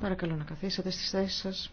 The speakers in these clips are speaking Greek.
Παρακαλώ να καθίσετε στις θέσεις σας.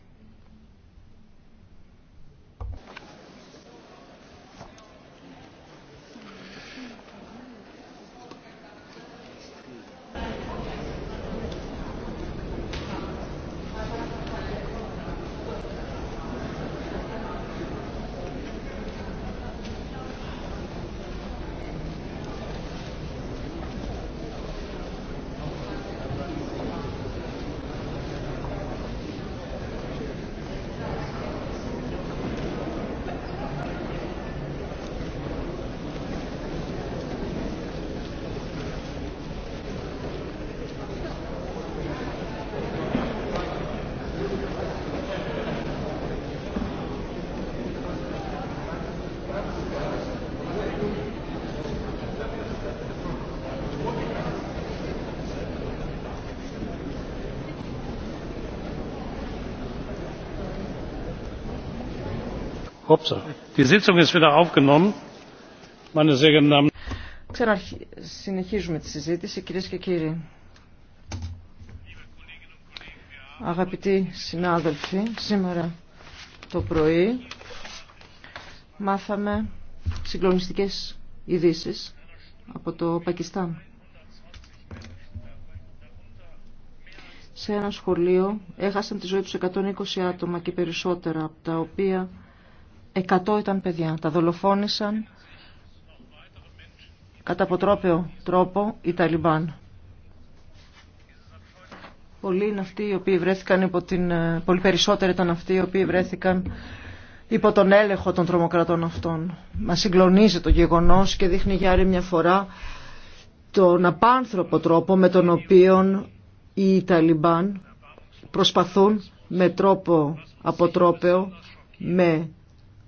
Ξανασυνεχίζουμε τη συζήτηση, κυρίε και κύριοι. Αγαπητοί συνάδελφοι, σήμερα το πρωί μάθαμε συγκλονιστικές ειδήσει από το Πακιστάν. Σε ένα σχολείο έχασαν τη ζωή τους 120 άτομα και περισσότερα, από τα οποία Εκατό ήταν παιδιά. Τα δολοφόνησαν κατά αποτρόπαιο τρόπο οι Ταλιμπάν. Πολλοί είναι αυτοί οι οποίοι βρέθηκαν υπό την... Ε, πολύ περισσότεροι ήταν αυτοί οι οποίοι βρέθηκαν υπό τον έλεγχο των τρομοκρατών αυτών. Μα συγκλονίζει το γεγονός και δείχνει για άλλη μια φορά τον απάνθρωπο τρόπο με τον οποίο οι Ταλιμπάν προσπαθούν με τρόπο αποτρόπαιο, με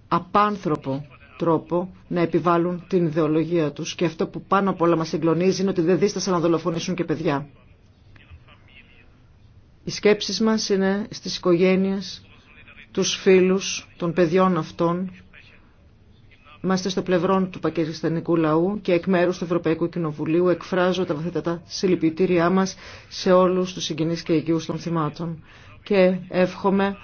απάνθρωπο τρόπο να επιβάλλουν την ιδεολογία τους. Και αυτό που πάνω απ' όλα μας συγκλονίζει είναι ότι δεν δίστασαν να δολοφονήσουν και παιδιά. Οι σκέψεις μας είναι στις οικογένειες, τους φίλους των παιδιών αυτών. Είμαστε στο πλευρό του Πακεριστανικού λαού και εκ μέρου του Ευρωπαϊκού Κοινοβουλίου εκφράζω τα βαθύτατα συλληπιτήριά μας σε όλους τους συγγενεί και υγιούς των θυμάτων. Και εύχομαι